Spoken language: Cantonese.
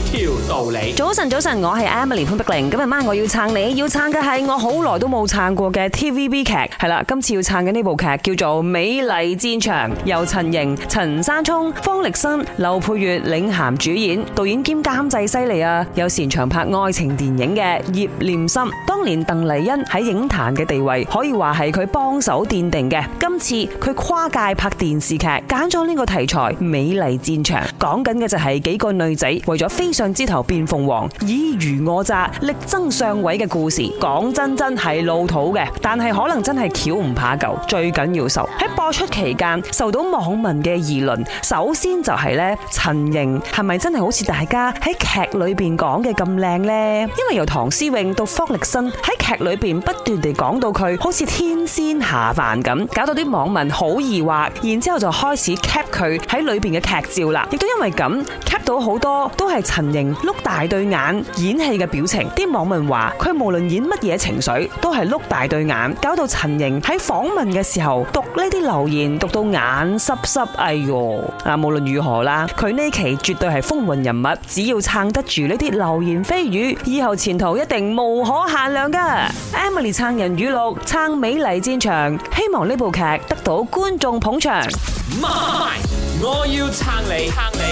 挑道理，早晨早晨，我係 Emily 潘碧玲，今日晚我要撐你，要撐嘅係我好耐都冇撐過嘅 TVB 劇，係啦，今次要撐嘅呢部劇叫做《美麗戰場》，由陳瀅、陳山聰、方力申、劉佩玥領銜主演，導演兼監製犀利啊，又擅長拍愛情電影嘅葉念琛，當年鄧麗欣喺影壇嘅地位可以話係佢幫手奠定嘅，今次佢跨界拍電視劇，揀咗呢個題材《美麗戰場》，講緊嘅就係幾個女仔為咗。飛上枝頭變鳳凰，以虞我詐，力爭上位嘅故事。講真真係老土嘅，但係可能真係橋唔怕舊，最緊要受喺播出期間受到網民嘅議論。首先就係呢，陳滢係咪真係好似大家喺劇裏邊講嘅咁靚呢？因為由唐詩詠到方力申喺劇裏邊不斷地講到佢好似天仙下凡咁，搞到啲網民好疑惑，然之後就開始 cap 佢喺裏邊嘅劇照啦。亦都因為咁 cap 到好多都係。陳盈碌大對眼演戲嘅表情，啲網民話佢無論演乜嘢情緒，都係碌大對眼，搞到陳盈喺訪問嘅時候讀呢啲留言，讀到眼濕濕。哎喲！啊，無論如何啦，佢呢期絕對係風雲人物，只要撐得住呢啲流言蜚語，以後前途一定無可限量噶。Emily 撐人語錄，撐美麗戰場，希望呢部劇得到觀眾捧場。My，我要撐你，撐你。